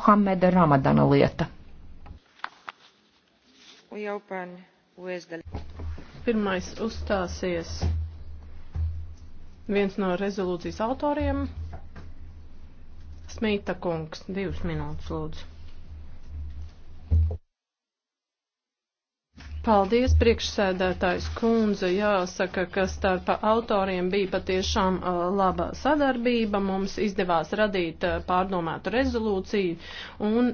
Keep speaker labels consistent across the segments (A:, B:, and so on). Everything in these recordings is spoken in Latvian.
A: Muhameda Ramadana lieta.
B: Pirmais uzstāsies viens no rezolūcijas autoriem - Smīta kungs, divas minūtes lūdzu. Paldies, priekšsēdētājs kundze. Jāsaka, ka starp autoriem bija patiešām uh, laba sadarbība. Mums izdevās radīt uh, pārdomātu rezolūciju un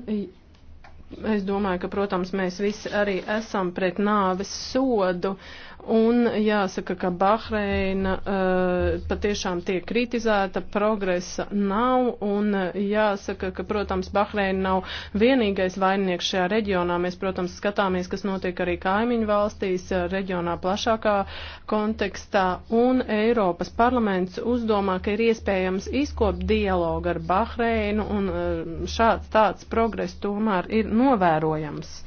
B: es domāju, ka, protams, mēs visi arī esam pret nāves sodu, Un jāsaka, ka Bahreina uh, patiešām tiek kritizēta, progresa nav, un eh, jāsaka, ka, protams, Bahreina nav vienīgais vaininieks šajā reģionā. Mēs, protams, skatāmies, kas notiek arī kaimiņu valstīs, eh, reģionā plašākā kontekstā, un Eiropas parlaments uzdomā, ka ir iespējams izkopt dialogu ar Bahreinu, un uh, šāds tāds progress tomēr ir novērojams.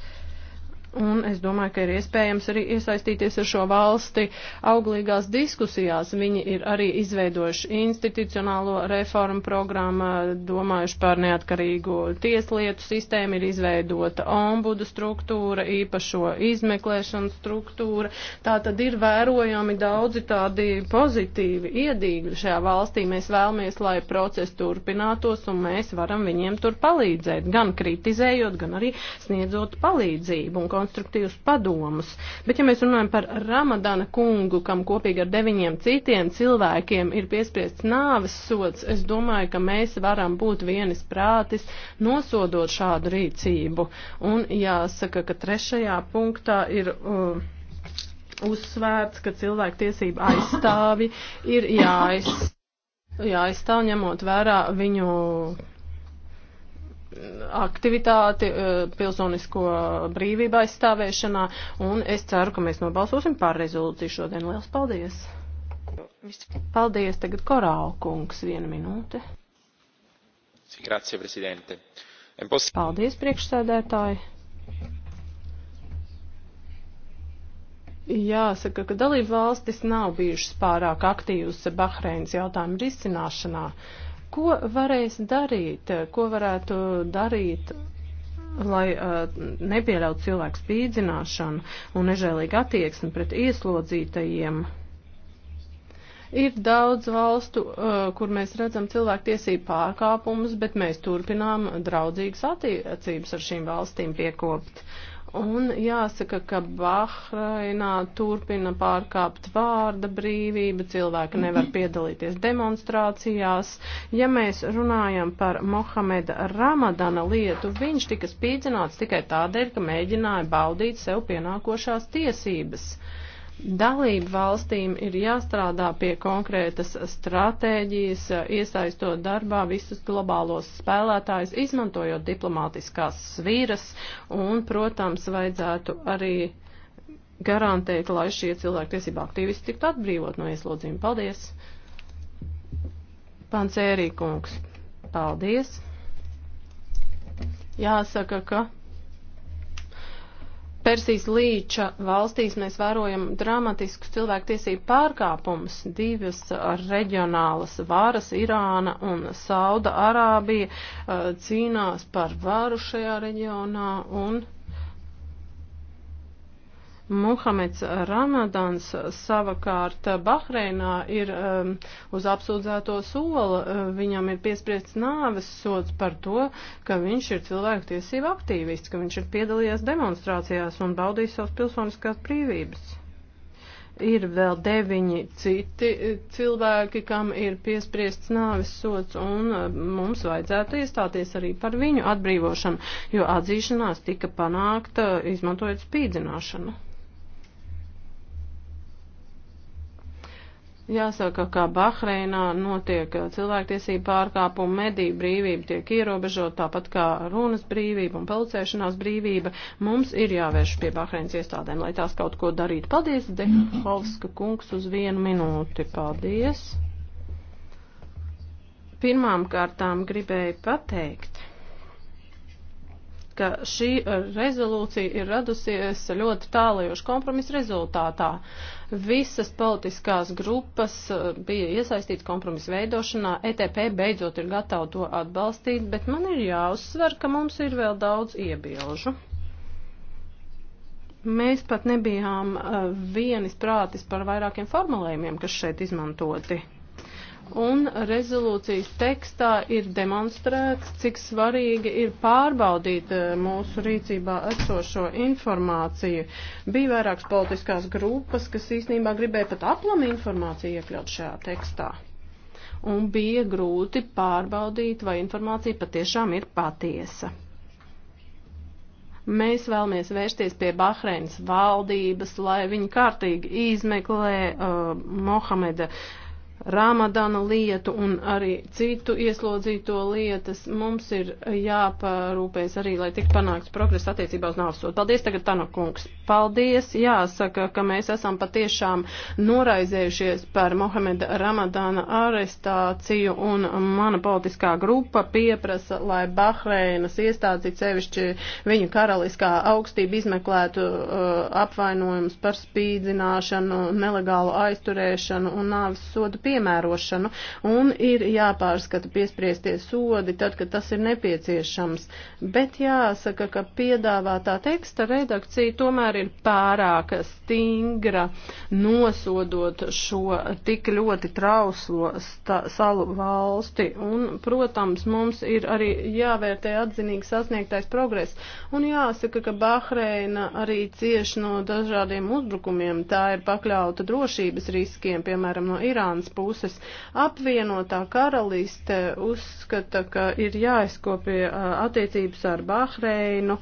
B: Un es domāju, ka ir iespējams arī iesaistīties ar šo valsti auglīgās diskusijās. Viņi ir arī izveidojuši institucionālo reformu programmu, domājuši par neatkarīgu tieslietu sistēmu, ir izveidota ombudu struktūra, īpašo izmeklēšanu struktūra. Tā tad ir vērojami daudzi tādi pozitīvi iedīgļi šajā valstī. Mēs vēlamies, lai process turpinātos un mēs varam viņiem tur palīdzēt, gan kritizējot, gan arī sniedzot palīdzību. Un, konstruktīvus padomus. Bet, ja mēs runājam par Ramadana kungu, kam kopīgi ar deviņiem citiem cilvēkiem ir piespriests nāves sots, es domāju, ka mēs varam būt vienis prātis nosodot šādu rīcību. Un jāsaka, ka trešajā punktā ir. Uh, Uzsvērts, ka cilvēktiesība aizstāvi ir jāiz, jāizstāv ņemot vērā viņu aktivitāti e, pilsonisko brīvību aizstāvēšanā, un es ceru, ka mēs nobalsosim par rezolūciju šodien. Liels paldies! Paldies, tagad Korāla kungs, viena minūte.
A: Grazie, prezidente.
B: Paldies, priekšsēdētāji. Jāsaka, ka dalību valstis nav bijušas pārāk aktīvas Bahreinas jautājumu risināšanā. Uh, Ko varēs darīt, ko varētu darīt, lai uh, eh, nepieļautu cilvēku spīdzināšanu un nežēlīgu attieksmi pret ieslodzītajiem? Ir daudz valstu, uh, kur mēs redzam cilvēktiesību pārkāpumus, bet mēs turpinām draudzīgas attiecības ar šīm valstīm piekopt. Un jāsaka, ka Bahrainā turpina pārkāpt vārda brīvība, cilvēki nevar piedalīties demonstrācijās. Ja mēs runājam par Mohameda Ramadana lietu, viņš tika spīdzināts tikai tādēļ, ka mēģināja baudīt sev pienākošās tiesības. Uh, Dalību valstīm ir jāstrādā pie konkrētas stratēģijas, iesaistot darbā visus globālos spēlētājus, izmantojot diplomātiskās svīras un, protams, vajadzētu arī garantēt, lai šie cilvēktiesība aktīvisti tiktu atbrīvot no ieslodzījuma. Paldies! Pants Ērīkungs, paldies! Jāsaka, ka Persijas līča valstīs mēs vērojam dramatiskus cilvēktiesību pārkāpumus. Divas reģionālas varas, Irāna un Sauda Arābija, cīnās par varu šajā reģionā un Muhameds Ramadans savukārt Bahreinā ir um, uz apsūdzēto sola. Uh, viņam ir piespriests nāves sods par to, ka viņš ir cilvēktiesība aktīvists, ka viņš ir piedalījies demonstrācijās un baudījis savas pilsoniskās brīvības. Ir vēl deviņi citi uh, cilvēki, kam ir piespriests nāves sods, un uh, mums vajadzētu iestāties arī par viņu atbrīvošanu, jo atzīšanās tika panākta izmantojot spīdzināšanu. Jāsaka, ka Bahreinā notiek uh, cilvēktiesība pārkāpuma, mediju brīvība tiek ierobežota, tāpat kā runas brīvība un pulcēšanās brīvība. Mums ir jāvērš pie Bahreinas iestādēm, lai tās kaut ko darītu. Paldies, Dehovska kungs, uz vienu minūti. Paldies. Pirmām kārtām gribēju pateikt ka šī uh, rezolūcija ir radusies ļoti tālajošu kompromisu rezultātā. Uh, Visas politiskās grupas eh, bija iesaistīts kompromisu veidošanā. ETP beidzot ir gatava to atbalstīt, bet man ir jāuzsver, ka mums ir vēl daudz iebilžu. Mēs pat nebijām eh, vienisprātis par vairākiem formulējumiem, kas šeit izmantoti. Un rezolūcijas tekstā ir demonstrēts, cik svarīgi ir pārbaudīt eh, mūsu rīcībā esošo informāciju. Bija vairākas politiskās grupas, kas īstenībā gribēja pat aplami informāciju iekļaut šajā tekstā. Un bija grūti pārbaudīt, vai informācija patiešām ir patiesa. Mēs vēlamies vērsties pie Bahreinas valdības, lai viņi kārtīgi izmeklē uh, Mohameda uh, Ramadana lietu un arī citu ieslodzīto lietas. Mums ir jāparūpēs arī, lai tik panākts progress attiecībā uz nāvsot. Paldies tagad, Tano kungs. Paldies. Jāsaka, ka mēs esam patiešām noraizējušies par Mohameda Ramadana arestāciju un mana politiskā grupa pieprasa, lai Bahreinas iestādes, sevišķi viņu karaliskā augstība izmeklētu uh, apvainojumus par spīdzināšanu, nelegālu aizturēšanu un nāvis sodu pieņemšanu piemērošanu un ir jāpārskata piespriestie sodi tad, kad tas ir nepieciešams. Bet jāsaka, ka piedāvātā teksta redakcija tomēr ir pārāk stingra nosodot šo tik ļoti trauslo salu valsti. Un, protams, mums ir arī jāvērtē atzinīgi sasniegtais progress. Un jāsaka, ka Bahreina arī cieši no dažādiem uzbrukumiem. Tā ir pakļauta drošības riskiem, piemēram, no Irānas puses. Apvienotā karaliste uzskata, ka ir jāizkopie attiecības ar Bahreinu,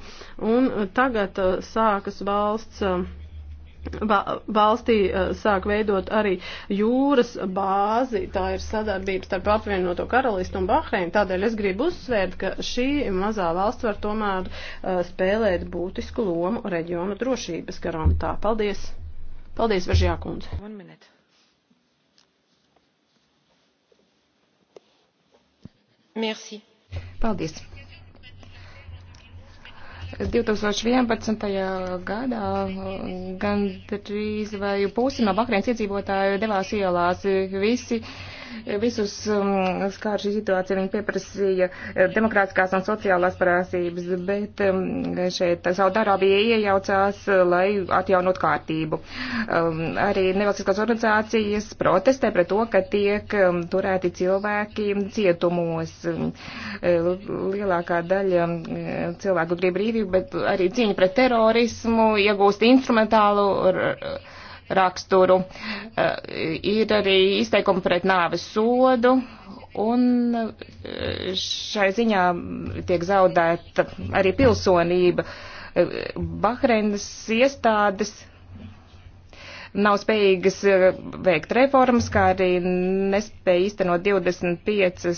B: un tagad sākas valsts valstī sāk veidot arī jūras bāzi, tā ir sadarbības starp apvienoto karalistu un Bahreinu, tādēļ es gribu uzsvērt, ka šī mazā valsts var tomēr spēlēt būtisku lomu reģiona drošības garantā. Paldies! Paldies, Veržjākundze!
A: One minute. Merci. Paldies. 2011. gadā uh, gandrīz vai pusi no Bahreins iedzīvotāju devās ielās. Visi uh, Visus um, skār šī situācija viņi pieprasīja eh, demokrātiskās un sociālās prasības, bet um, šeit Saudārābija iejaucās, eh, lai atjaunot kārtību. Um, arī nevalstiskās organizācijas protestē pret to, ka tiek turēti cilvēki cietumos. Eh, lielākā daļa cilvēku grib brīvību, bet arī cīņa pret terorismu iegūst instrumentālu raksturu. Eh, ir arī izteikumi pret nāves sodu, un eh, šai ziņā tiek zaudēta arī pilsonība. Eh, Bahreinas iestādes nav spējīgas veikt reformas, kā arī nespēja īstenot 25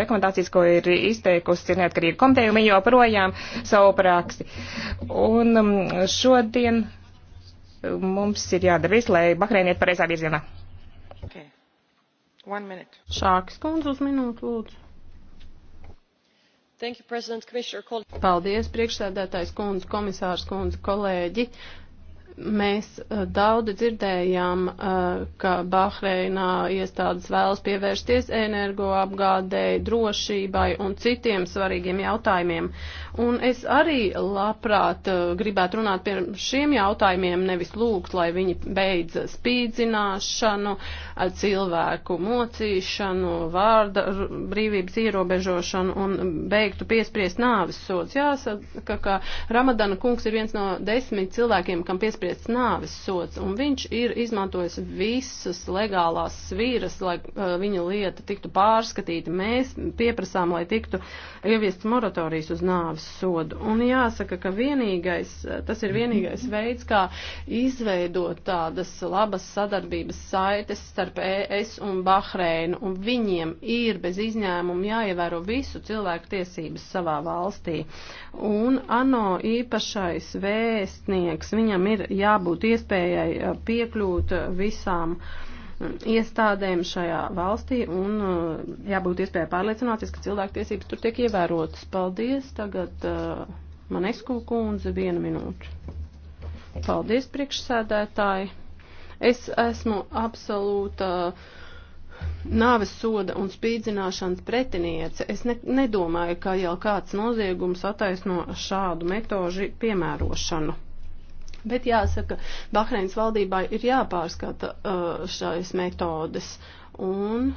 A: rekomendācijas, ko ir izteikusi neatkarīga komiteja, un viņi joprojām savu praksi. Un mm, šodien mums ir jādara viss, lai Bahreina iet pareizā virzienā. Okay. Šākas kundze uz minūtu, lūdzu.
B: You, Paldies, priekšsēdētājs kundze, komisārs kundze, kolēģi. Uh, Mēs eh, daudz dzirdējām, eh, ka Bahreinā iestādes vēlas pievērsties energoapgādēji, drošībai un citiem svarīgiem jautājumiem. Un es arī labprāt eh, gribētu runāt par šiem jautājumiem, nevis lūgt, lai viņi beidz spīdzināšanu, cilvēku mocīšanu, vārda brīvības ierobežošanu un beigtu piespriest nāvis sods. Jāsaka, ka Ramadana kungs ir viens no desmit cilvēkiem, kam piespriest apspriests nāves sots, un viņš ir izmantojis visas legālās svīras, lai uh, viņa lieta tiktu pārskatīta. Mēs pieprasām, lai tiktu ieviests moratorijas uz nāves sodu. Un jāsaka, ka vienīgais, uh, tas ir vienīgais veids, kā izveidot tādas labas sadarbības saites starp ES un Bahreinu, un viņiem ir bez izņēmuma jāievēro visu cilvēku tiesības savā valstī. Un ANO īpašais vēstnieks, viņam ir jābūt iespējai eh, piekļūt eh, visām mm, iestādēm šajā valstī un eh, jābūt iespējai pārliecināties, ka cilvēktiesības tur tiek ievērotas. Paldies, tagad Manesku kundze viena minūte. Paldies, priekšsēdētāji. Es esmu absolūta nāves soda un spīdzināšanas pretiniece. Es ne, nedomāju, ka jau kāds noziegums attaisno šādu metožu piemērošanu. Bet jāsaka, Bahreins valdībai ir jāpārskata uh, šais metodes. Un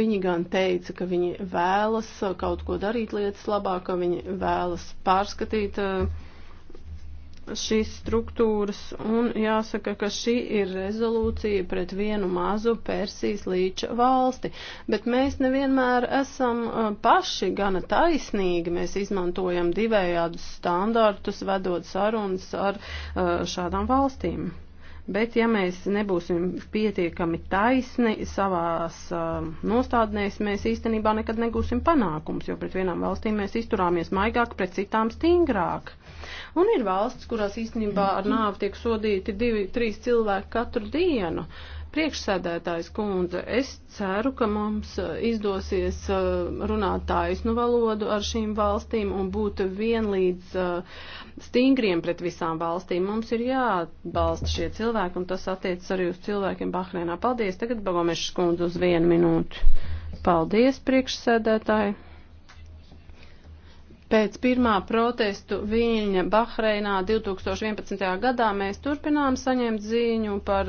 B: viņi gan teica, ka viņi vēlas uh, kaut ko darīt lietas labāk, ka viņi vēlas pārskatīt. Uh, šīs struktūras, un jāsaka, ka šī ir rezolūcija pret vienu mazu Persijas līča valsti, bet mēs nevienmēr esam paši gana taisnīgi, mēs izmantojam divējādus standartus, vedot sarunas ar šādām valstīm. Bet ja mēs nebūsim pietiekami taisni savās uh, nostādnēs, mēs īstenībā nekad negūsim panākums, jo pret vienām valstīm mēs izturāmies maigāk, pret citām stingrāk. Un ir valsts, kurās īstenībā ar nāvu tiek sodīti divi, trīs cilvēki katru dienu. Uh, Priekšsēdētājs kundze, es ceru, ka mums uh, izdosies uh, runāt taisnu valodu ar šīm valstīm un būt vienlīdz uh, stingriem pret visām valstīm. Mums ir jāatbalsta šie cilvēki, un tas attiecas arī uz cilvēkiem Bahreinā. Paldies, tagad Bagomešas kundze uz vienu minūti. Paldies, priekšsēdētāji. Pēc pirmā protestu viņa Bahreinā 2011. gadā mēs turpinām saņemt ziņu par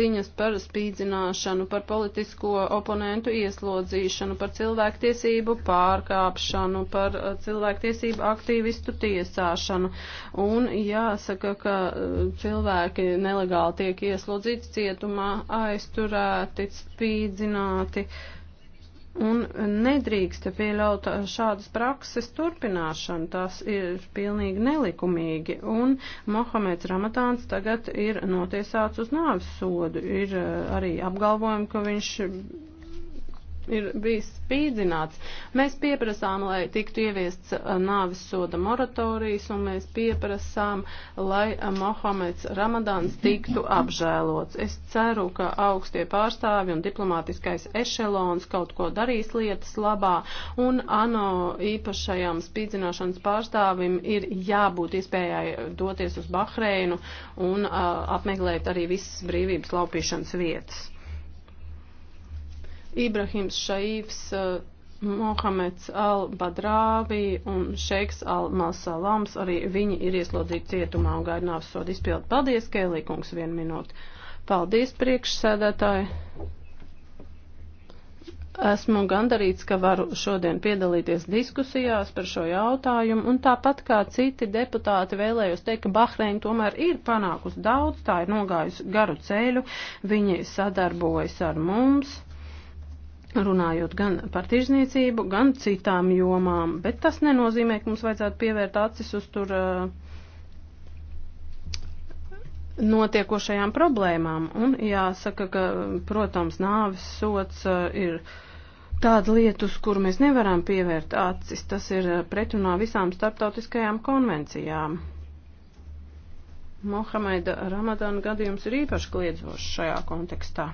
B: ziņas par spīdzināšanu, par politisko oponentu ieslodzīšanu, par cilvēktiesību pārkāpšanu, par uh, cilvēktiesību aktīvistu tiesāšanu. Un jāsaka, ka uh, cilvēki nelegāli tiek ieslodzīti cietumā, aizturēti, spīdzināti. Uh, Un nedrīkst pieļaut šādas prakses turpināšanu, tās ir pilnīgi nelikumīgi. Un Mohameds Ramatāns tagad ir notiesāts uz nāves sodu, ir eh, arī apgalvojumi, ka viņš ir bijis spīdzināts. Mēs pieprasām, lai tiktu ieviests nāvis soda moratorijas, un mēs pieprasām, lai Mohameds Ramadans tiktu apžēlots. Es ceru, ka augstie pārstāvi un diplomātiskais ešelons kaut ko darīs lietas labā, un ANO īpašajam spīdzināšanas pārstāvim ir jābūt iespējai doties uz Bahreinu un uh, apmeklēt arī visas brīvības laupīšanas vietas. Ibrahims Šaīvs, eh, Mohameds Al-Badrāvi un Šeiks Al-Masalams arī viņi ir ieslodzīti cietumā un gaida nāves sodu izpildu. Paldies, Kēlī kungs, vienu minūti. Paldies, priekšsēdētāji. Esmu gandarīts, ka varu šodien piedalīties diskusijās par šo jautājumu, un tāpat kā citi deputāti vēlējos teikt, ka Bahreina tomēr ir panākusi daudz, tā ir nogājusi garu ceļu, viņi sadarbojas ar mums runājot gan par tirzniecību, gan citām jomām, bet tas nenozīmē, ka mums vajadzētu pievērt acis uz tur eh, notiekošajām problēmām. Un jāsaka, ka, protams, nāvis sots eh, ir tāda lieta, uz kuru mēs nevaram pievērt acis. Tas ir pretrunā visām starptautiskajām konvencijām. Mohameda Ramadana gadījums ir īpaši kliedzošs šajā kontekstā.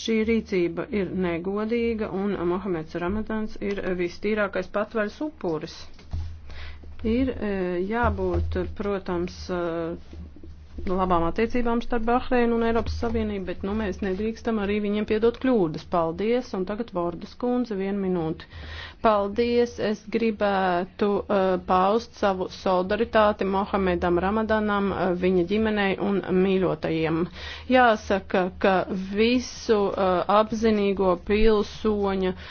B: Šī rīcība ir negodīga un Mohameds Ramadans ir vistīrākais patvaļs upuris. Ir e, jābūt, protams, e, labām attiecībām starp Bahreinu un Eiropas Savienību, bet nu, mēs nedrīkstam arī viņiem piedot kļūdas. Paldies, un tagad Vordas kundze vienu minūti. Paldies, es gribētu uh, paust savu solidaritāti Mohamedam Ramadanam, uh, viņa ģimenei un mīļotajiem. Jāsaka, ka visu uh, apzinīgo pilsoņu uh,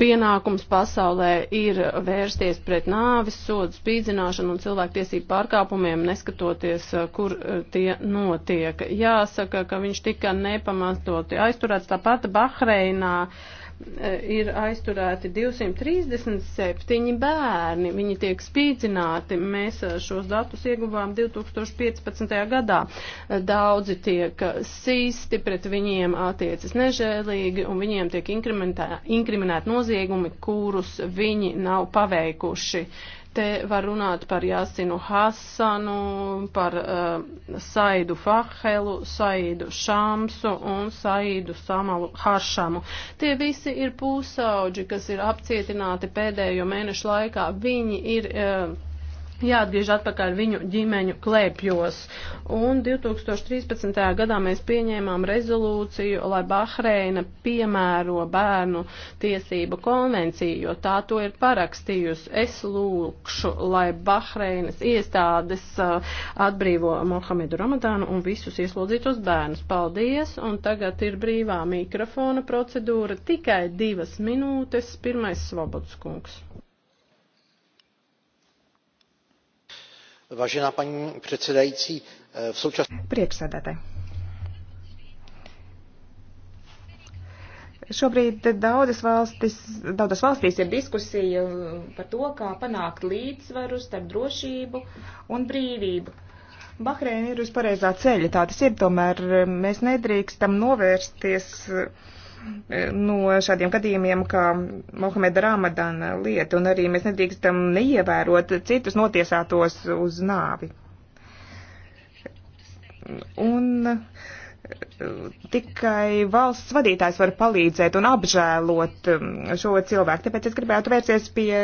B: pienākums pasaulē ir vērsties pret nāvis, sodu spīdzināšanu un cilvēktiesību pārkāpumiem, neskatoties, eh, kur eh, tie notiek. Jāsaka, ka viņš tika nepamatoti aizturēts tāpat Bahreinā. Uh, E, ir aizturēti 237 bērni. Viņi tiek spīdzināti. Mēs e, šos datus ieguvām 2015. gadā. E, daudzi tiek sīsti, pret viņiem attiecas nežēlīgi un viņiem tiek inkriminēti noziegumi, kurus viņi nav paveikuši. Te var runāt par Jāsinu Hasanu, par uh, Saidu Fahelu, Saidu Šamsu un Saidu Samalu Hašamu. Tie visi ir pusauģi, kas ir apcietināti pēdējo mēnešu laikā. Viņi ir. Uh, jāatgriež atpakaļ viņu ģimeņu klēpjos. Un 2013. gadā mēs pieņēmām rezolūciju, lai Bahreina piemēro bērnu tiesību konvenciju, jo tā to ir parakstījusi. Es lūkšu, lai Bahreinas iestādes uh, atbrīvo Mohamedu Ramadānu un visus ieslodzītos bērnus. Paldies! Un tagad ir brīvā mikrofona procedūra tikai divas minūtes. Pirmais Svobodskungs. Vážená paní předsedající, eh, v současné...
A: Priekšsēdētāji. Šobrīd daudzas valstis, daudzas valstīs ir diskusija eh, par to, kā panākt līdzsvaru starp drošību un brīvību. Bahreina ir uz pareizā ceļa, tā tas ir, tomēr eh, mēs nedrīkstam novērsties uh, Eh, no šādiem gadījumiem, kā Mohameda Ramadana lieta, un arī mēs nedrīkstam neievērot citus notiesātos uz nāvi. Un uh, tikai valsts vadītājs var palīdzēt un apžēlot um, šo cilvēku. Tāpēc es gribētu vērsties pie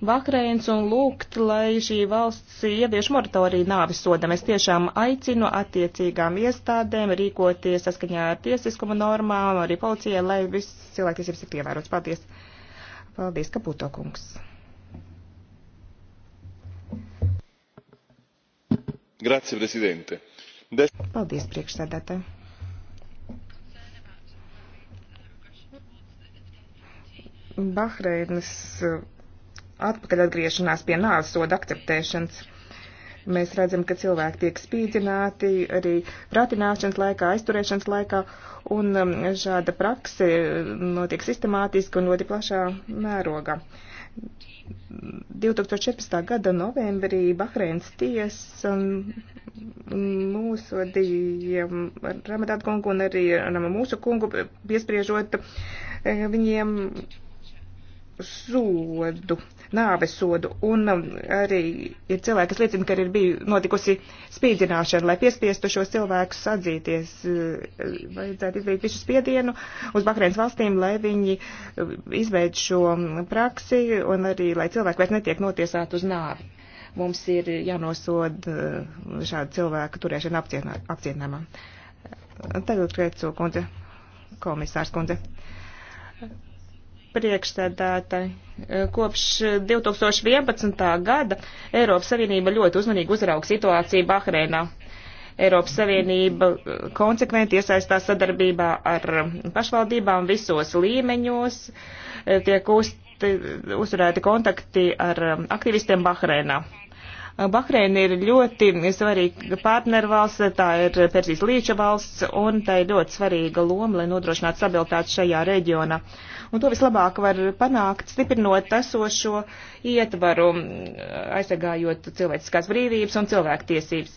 A: Bahrēns un lūgt, lai šī valsts ievieš moratoriju nāvis sodam. Es tiešām aicinu attiecīgām iestādēm rīkoties saskaņā ar tiesiskuma normām, arī policijai, lai viss cilvēktiesības ir pievērots. Paldies! Paldies, Kaputo kungs!
B: Grazie, Presidente
A: Paldies, priekšsēdētāji. Bahreinas uh, atpakaļ atgriešanās pie nāves soda akceptēšanas. Mēs redzam, ka cilvēki tiek spīdzināti arī pratināšanas laikā, aizturēšanas laikā, un um, šāda prakse uh, notiek sistemātiski un ļoti plašā mērogā. Uh, 2014. gada novembrī Bahreins tiesa um, nosodīja Ramadātu kungu un arī mūsu kungu, piespriežot eh, viņiem sodu nāvesodu. Un um, arī ir cilvēki, kas liecina, ka ir bijusi notikusi spīdzināšana, lai piespiestu šos cilvēkus atzīties. Eh, vajadzētu izdarīt visu spiedienu uz Bahreins valstīm, lai viņi eh, izbeidz šo praksi un arī, lai cilvēki vairs netiek notiesāti uz nāvi. Mums ir jānosod eh, šādu cilvēku turēšana apcietnāmā. Tagad, Krecu kundze, komisārs kundze priekšsēdētāji. Kopš 2011. gada Eiropas Savienība ļoti uzmanīgi uzrauga situāciju Bahreinā. Eiropas Savienība konsekventi iesaistās sadarbībā ar pašvaldībām visos līmeņos, tiek uzturēti kontakti ar aktivistiem Bahreinā. Bahreina ir ļoti svarīga partnervalsts, tā ir Persijas līča valsts, un tā ir ļoti svarīga loma, lai nodrošinātu stabilitāti šajā reģionā. Uh, Un to vislabāk var panākt, stiprinot esošo ietvaru, aizsargājot cilvēciskās brīvības un cilvēktiesības.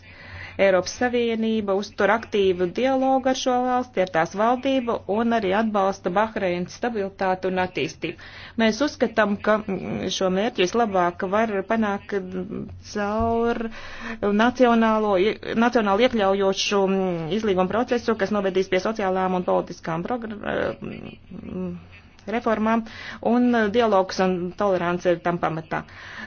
A: Eiropas Savienība uztur aktīvu dialogu ar šo valsti, ar tās valdību un arī atbalsta Bahreinas stabilitātu un attīstību. Mēs uzskatām, ka šo mērķi vislabāk var panākt caur nacionālo, nacionāli iekļaujošu izlīgumu procesu, kas novedīs pie sociālām un politiskām progr reformām, un uh, dialogs un tolerance ir tam pamatā.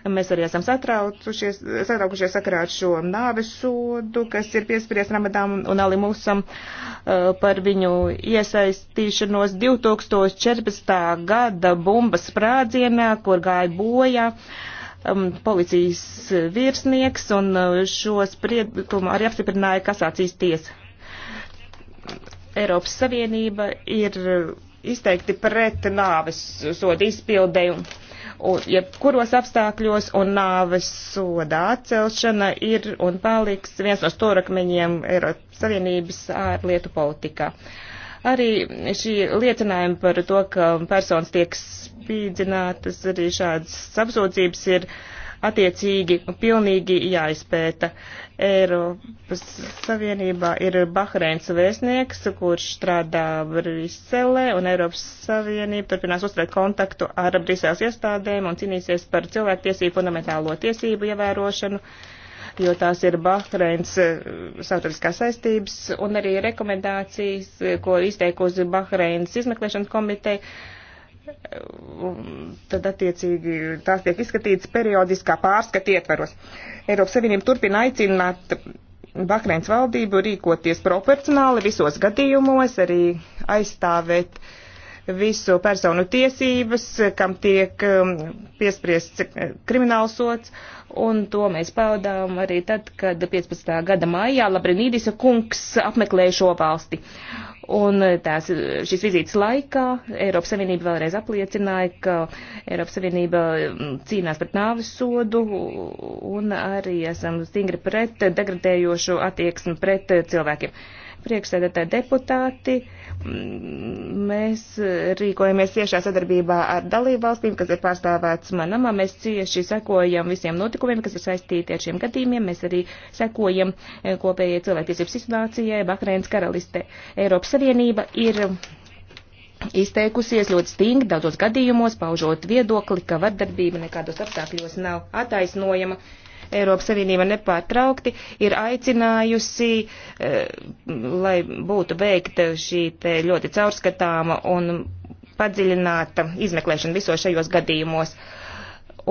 A: Mēs arī esam satraukušies sakarā ar šo nāves sodu, kas ir piespries Ramadām un Ali Musam uh, par viņu iesaistīšanos 2014. gada bumbas sprādzienā, kur gāja bojā um, policijas virsnieks, un uh, šo spriedumu arī apstiprināja kasācijas tiesa. Eiropas Savienība ir izteikti pret nāves sodu izpildēju. Jebkuros apstākļos un nāves soda atcelšana ir un paliks viens no stūrakmeņiem Eiropas Savienības ārlietu politikā. Arī šī liecinājuma par to, ka personas tiek spīdzinātas, arī šādas apsūdzības ir uh, attiecīgi un pilnīgi jāizpēta. Eiropas Savienībā ir Bahreins vēstnieks, kurš strādā Briselē, un Eiropas Savienība turpinās uzturēt kontaktu ar Briseles iestādēm un cīnīsies par cilvēktiesību fundamentālo tiesību ievērošanu jo tās ir Bahreins eh, sautariskās saistības un arī rekomendācijas, ko izteikusi Bahreins izmeklēšanas komiteja tad attiecīgi tās tiek izskatītas periodiskā pārskata ietveros. Eiropas Savienība turpina aicināt Bahreins valdību rīkoties proporcionāli visos gadījumos, arī aizstāvēt uh, visu personu tiesības, kam tiek um, piespriests eh, kriminālsots, un to mēs paudām arī tad, kad 15. gada maijā Labrinīdisa kungs apmeklēja šo valsti. Un eh, tās, šīs vizītes laikā Eiropas Savienība vēlreiz apliecināja, ka Eiropas Savienība mm, cīnās pret nāvis sodu un arī esam stingri pret degradējošu attieksmi pret eh, cilvēkiem. Uh, priekšsēdētāji deputāti. Mēs rīkojamies ciešā sadarbībā ar dalību valstīm, kas ir pārstāvēts manamā. Mēs cieši sekojam visiem notikumiem, kas ir saistīti ar šiem gadījumiem. Mēs arī sekojam eh, kopējai cilvēktiesību situācijai Bahreinas karaliste. Eiropas Savienība ir izteikusies ļoti stingri daudzos gadījumos, paužot viedokli, ka vardarbība nekādos apstākļos nav attaisnojama. Eiropas Savienība nepārtraukti ir aicinājusi, eh, lai būtu veikta šī ļoti caurskatāma un padziļināta izmeklēšana visos šajos gadījumos.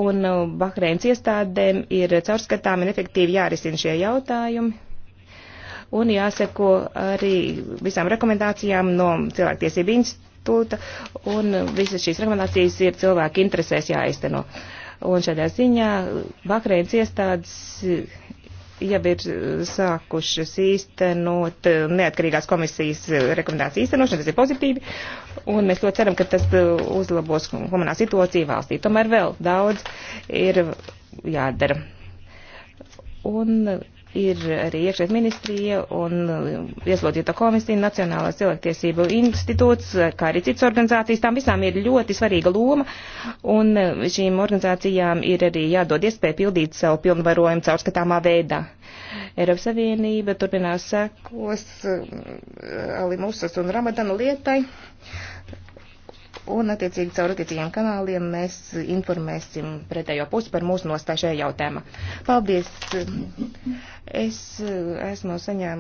A: Un eh, Bahreins iestādēm ir caurskatāmi un efektīvi jārisina šie jautājumi. Un jāseko arī visām rekomendācijām no cilvēktiesību institūta, un visas šīs rekomendācijas ir cilvēku interesēs jāizteno. Uh, Un šādā ziņā Bahreinas iestādes jau ir sākušas īstenot neatkarīgās komisijas rekomendāciju īstenošanu, tas ir pozitīvi, un mēs ļoti ceram, ka tas uzlabos humanā situāciju valstī. Tomēr vēl daudz ir jādara. Un ir arī iekšēt ministrija un ieslodzīta komisija, Nacionālās cilvēktiesību institūts, kā arī citas organizācijas. Tām visām ir ļoti svarīga loma, un šīm organizācijām ir arī jādod iespēja pildīt savu pilnvarojumu caurskatāmā veidā. Eiropas Savienība turpinās sekos um, Alimusas un Ramadana lietai. Uh, Un, attiecīgi, caur attiecīgiem kanāliem mēs informēsim pretējo pusi par mūsu nostāju šajā jautājumā. Paldies! Es eh, esmu saņēmusi.